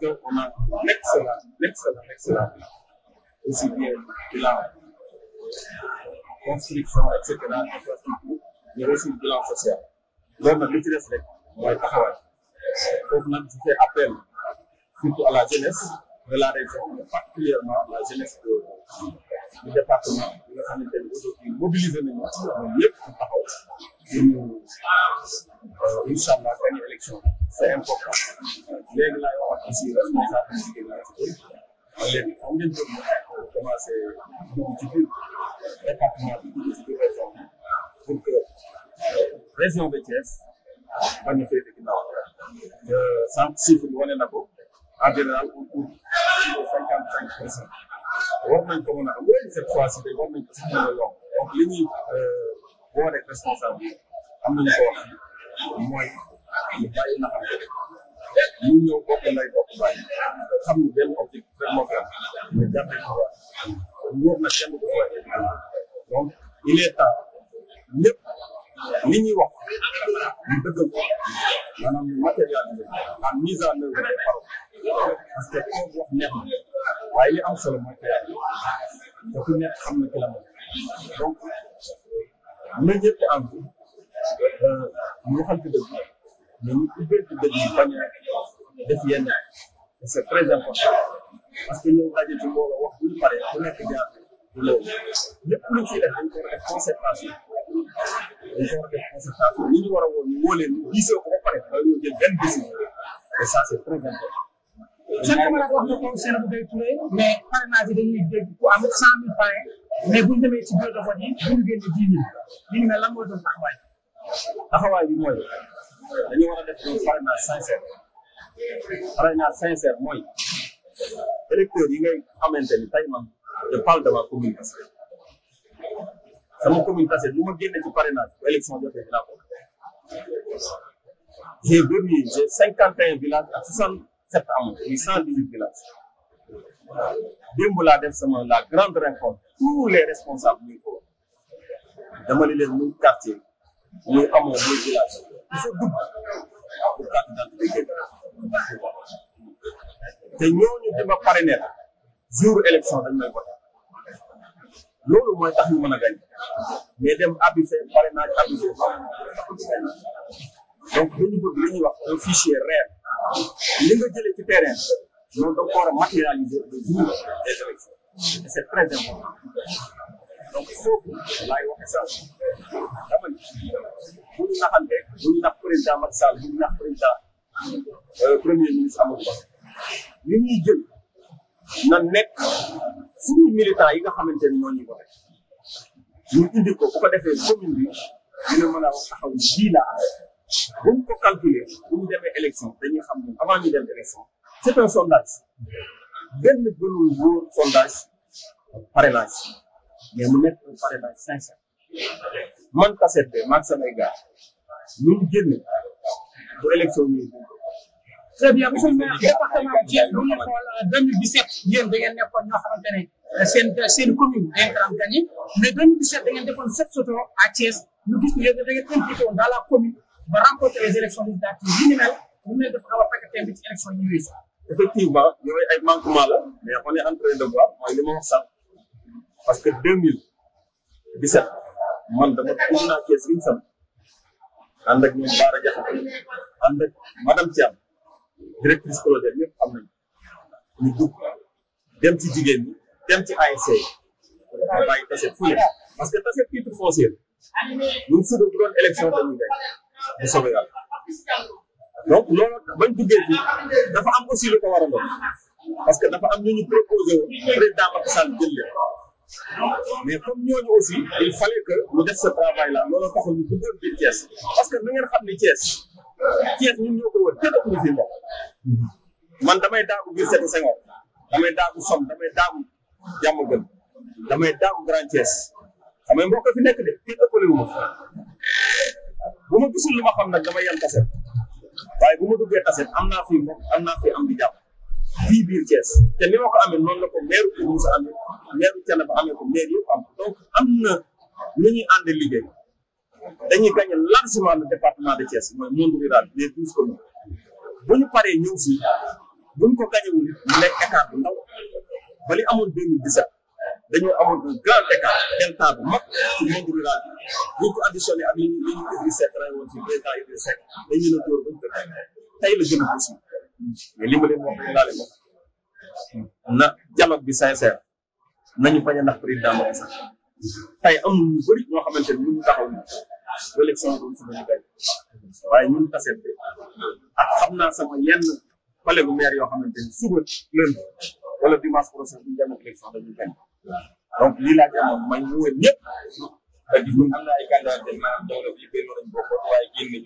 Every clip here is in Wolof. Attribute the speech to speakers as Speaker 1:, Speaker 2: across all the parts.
Speaker 1: parce qu'on a l'excellent, l'excellent, excellent bilan, aussi bien bilan construction, et cetera, infrastructure, mais aussi bilan social. loolu nag li ci des rek mooy taxawaay foofu nag je fais appel surtout à la jeunesse de la région mais particulièrement la jeunesse de du département bi nga xamante ne aujourd'hui mobilisé nañu ñoom ñëpp pour taxaw pour uh, ñu incha allah gagner élection c'est important léegi laay aussi responsable ci biir léegi xam ngeen jóg commencé dugg ci biir département bi dugg ci pour que région de Thiès bañ a féete ginnaaw sànq chiffre bi wane na ko en général autour de cinquante ko mën a am cette fois ci war nañ ko sax mën a yokk donc li ñuy boo rek responsable bi am nañu ko wax mooy ñu bàyyi ñu ñëw bokk lay bokk baay xam ni benn objectif ko waat nguur na kenn du ko donc ñuy wax ñu dëggal ko maanaam ñu matérialiser la mise en œuvre des wax neex na waaye li am solo mooy teel te ku nekk xam na ki la moom donc na ñëpp am euh, ñu waxante dëgg mais ñu ubbee ci dëgg yi def yenn c'est très important parce que ñoom rajo ci mbooloo wax bu ñu paree bu nekk jaar du loolu lépp luñ fi def dañ ko def concertation dañ ko def concertation li ñu war a woon ñu woo leen diisoo ko ba pare ba ñu jël benn décision et ça c'est très important. seen camarade wax na ko Seynabou Gueye Touré mais parrainage yi dañuy dégg ku am cent mille parrain mais bu ñu demee ci bureau de vote yi bu ñu génne dix mille li ñu mel lan moo doon taxawaay. taxawaay bi mooy dañu war a def un parrainage sincère. parrainage sincère mooy électeurs yi ngay xamante ni tey man je parle ma commune Kassé sama commune Kassé lu ma génne ci parrainage bu élection jotee dinaa ko j'ai cinquante et un villages ak sept am muy cent dix huit villages démb laa def sama la grande rencontre tous les responsables ñu ko dama li leen muy quartier muy amoo muy village il faut dugg pour carte d'identité te ñooñu di ma parrainé jour élection dañ may loolu mooy tax ñu mën a gañ mais dem abusé parrainage abusé donc dañu bëgg li ñuy wax un fichier réel li nga jëlee ci terrain noonu da nga ko war a matérialiser des élections c'est très donc foofu laay waxee sax dama ni bu naxante bu nax président Macky Sall bu ñu nax président Euh, premier ministre Amadou Ba li ñuy jël na nekk suñu militant yi nga xamante ni ñoo ñuy voté ñu ko bu ko defee commune bi dina mën a taxaw ji la bu ñu ko calculer bu ñu demee élection dañuy xam ne avant ñu dem élection c' est un sondage benn gënul wóor sondage mais mu nekk un parrainage sincère man kaset be maag samay gars ñu génn bu élection ñuy très bien monsieur le maire département Thiès bu ñu xool 2017 euh, yéen da ngeen nekkoon ñoo xamante ne euh, seen euh, seen commune da ngeen ko am gagné mais 2017 da ngeen defoon soto à Thiès ñu gis ne yéen da ngeen impliqué a paqueté bi ci effectivement yooyu ay manquement la mais on est en train de voir mooy li ma wax sax parce que 2017 man dama tudd naa Thiès gi mu sant ànd ak ñoom directrice colonel yëpp am nañu ñu dugg dem ci jigéen ñi dem ci ASC dafa bàyyi taset fu ne parce que taset titre foncier ñun suba bu doon élection dañuy gañ bu soobee yàlla donc loolu bañ duggee fii dafa am aussi lu ko war a parce que nafa am ñu ñu proposé woon président Macky Sall jël leen mais comme ñooñu aussi il fallait que ñu def sa travail là loolu taxul ñu duggoon biir Thiès parce que na ngeen xam ni Thiès. Thiès ñun ñoo ko wër tëddee ko fi man damay daagu biir seeti Senghor damay daagu som damay daagu jàmm gën damay daagu Grand Thiès damay mbokk fi nekk de kenn ëppale wu ma bu ma ma xam nag damay yan taset waaye bu ma duggee taset am naa fi mbokk am naa fi am di jàpp biir Thiès te ni ma ko amee noonu la ko meeru Kër Moussa amee meeru Thiénaba amee ko meer yëpp am donc am na lu dañuy gagné largement le département de Thiès mooy monde rural les douze communes bu ñu paree ñëw fii ko gagné wul mu nekk écart bu ndaw ba li amoon 2017 dañoo amoon un grand écart delta bu mag ci monde rural ko additionné ak li ñu li ñu Idrissa Seck la dóor ba ñu ko tey a possible mais li ma leen wax laa na dialogue bi sincère nañu bañ nax ndax président Macky Sall tey amul ñu ñoo xamante ni ñu taxaw ba léegi sama bopp sama liggéey waaye ñun kaset bi ak xam naa sama yenn collègue maire yoo xamante ni suba lundi wala dimanche prochain bu ñu demee élection donc lii laa ci amoon may ñëwee ñëpp te gis nga am na ay candidat de maanaam doole yi benn ni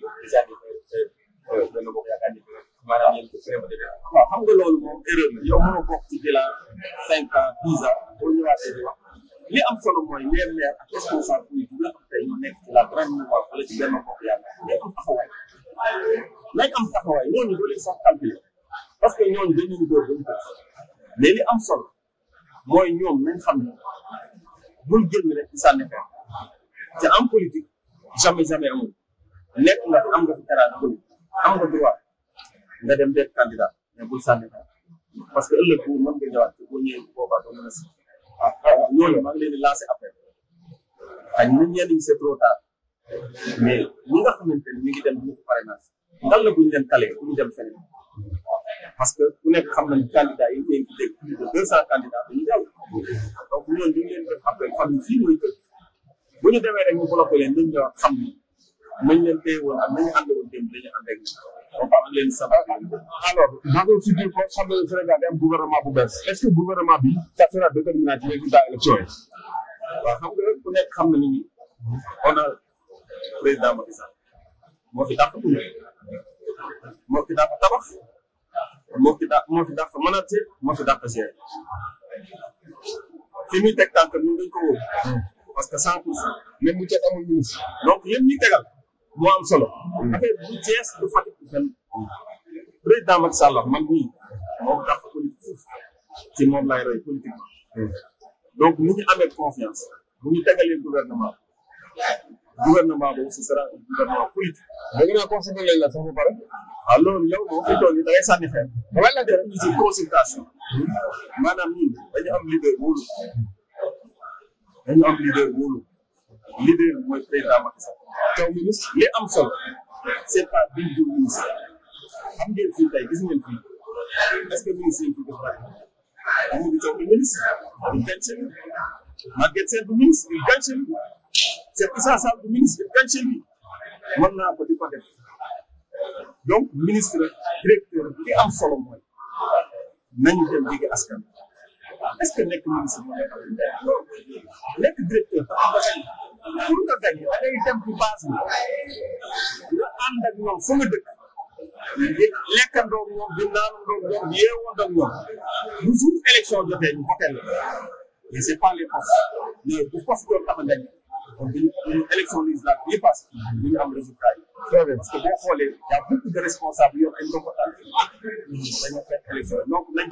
Speaker 1: euh, euh, maanaam yéen ko vraiment dëgg waaw xam nga loolu moom erreur la yow mënoo bokk ci bilan cinq ans dix ans boo ñëwaatee di wax li am solo mooy les maires ak dañoo la grande mouvance wala am taxawaay nañ am sax calculer parce que ñooñu dañ leen door dañu ko am sol mooy ñoom nañ xam ne bul génn rek ci sànni xeer te en politique jamais jamais amul nekk nga am nga fi teraanga am nga droit nga dem def candidat mais bul sànni xeer parce que ëllëg bu mën nga ñëwaat te boo ñëwee boobaa doo mën ak ñun ñenn ñi c'est trop mais ñi nga xamante ni ñu ngi dem dugg parrainage ngal la bu leen talee bu ñu dem feneen parce que ku nekk xam nañu candidat yi ñu ngi dégg plus de 200 candidats dañu donc ñooñu ñu ngi leen def appel famille fii mooy kër bu ñu demee rek ñu bloqué leen ñu ñëwaat xam leen téye woon ak nañu ànd woon démb dañu ànd leen sabab alors dans un futur xam nga Sénégal gouvernement bu bees est-ce que gouvernement bi ça sera déterminant ci résultat élection yi waaw xam nga ku nekk xam na ni a président Macky Sall moo fi dàq buñu moo fi dàq tabax moo fi dàq moo fi dàq manager moo fi dàq gérer fi muy teg tànk ñun dañ ko wóor parce que cent pour cent même bu ceeb amul donc yéen ñi tegal moo am solo affaire bu Thiès du Fatick du fenn président Macky Sall man mii moom dàq politique foofu ci moom laay roy politique donc nu ñu amee confiance bu ñu tegalee gouvernement gouvernement boobu ce sera un gouvernement politique. dégg naa consulté la sax ba pare. waaw loolu yow moom fi toll nii da ngay sànni xeer. wala def ñu ci consultation. maanaam am leader wóolu. dañu am leader wóolu. leader bi ministre li am solo. c'est pas biñ ministre. am ngeen fii tey gis ngeen fii est-ce que ministre yi fi def mu ngi toog di ministre du gàncax gi Maguette ministre du ministre du mën naa ko di ko def donc ministre directeur bi am solo mooy nañu dem jege askan est-ce que nekk ministre moo nekk nekk directeur taxaw nga gañ pour dem ci base bi nga ànd ak nga dëkk. lekkandoog ñoom di naanandoog ñoom yeewoondoog ñoom bu jour élection jotee ñu voté la mais c'est pas les postes mais bu poste doon tax a gañ kon duñu duñu élection législative yi passe duñu am résultat yi parce que boo xoolee y a beaucoup de responsables yor ay ndombo tànk dañoo fekk élection donc nañ